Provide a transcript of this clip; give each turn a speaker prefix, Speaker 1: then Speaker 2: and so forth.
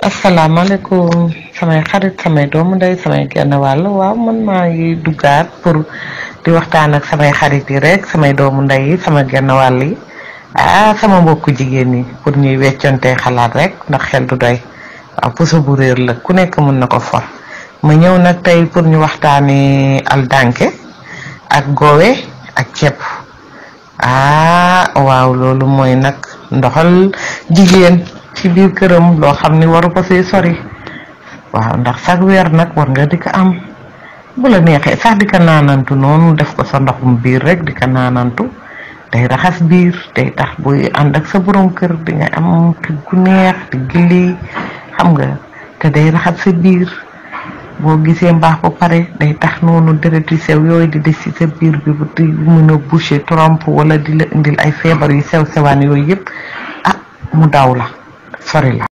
Speaker 1: asalaamaaleykum samay xarit samay doomu ndey samay genn wàll waaw man maa ngi duggaat pour di waxtaan ak samay xarit yi rek samay doomu ndey yi sama genn wàll yi ah sama mbokku jigéen ñi pour ñuy weccante xalaat rek ndax xel du doy waaw puso bu réer la ku nekk mën na ko for ma ñëw nag tey pour ñu waxtaanee aldanke ak goowe ak ceeb ah waaw loolu mooy nag ndoxal jigéen. ci biir këram loo xam ni waru ko see sori waaw ndax sax weer nag war nga di ko am bu la neexee sax di ko naanantu noonu def ko sa ndoxum biir rek di ko naanantu day raxas biir day tax buy ànd ak sa borom kër di nga am xet gu xam nga te day raxas sa biir boo gisee mbaax ba pare tax
Speaker 2: noonu deret yu sew yooyu di des ci sa biir bi di mën a boucher trompe wala di indil ay feebar yu sew sewaan yooyu yëpp ah mu daw la farila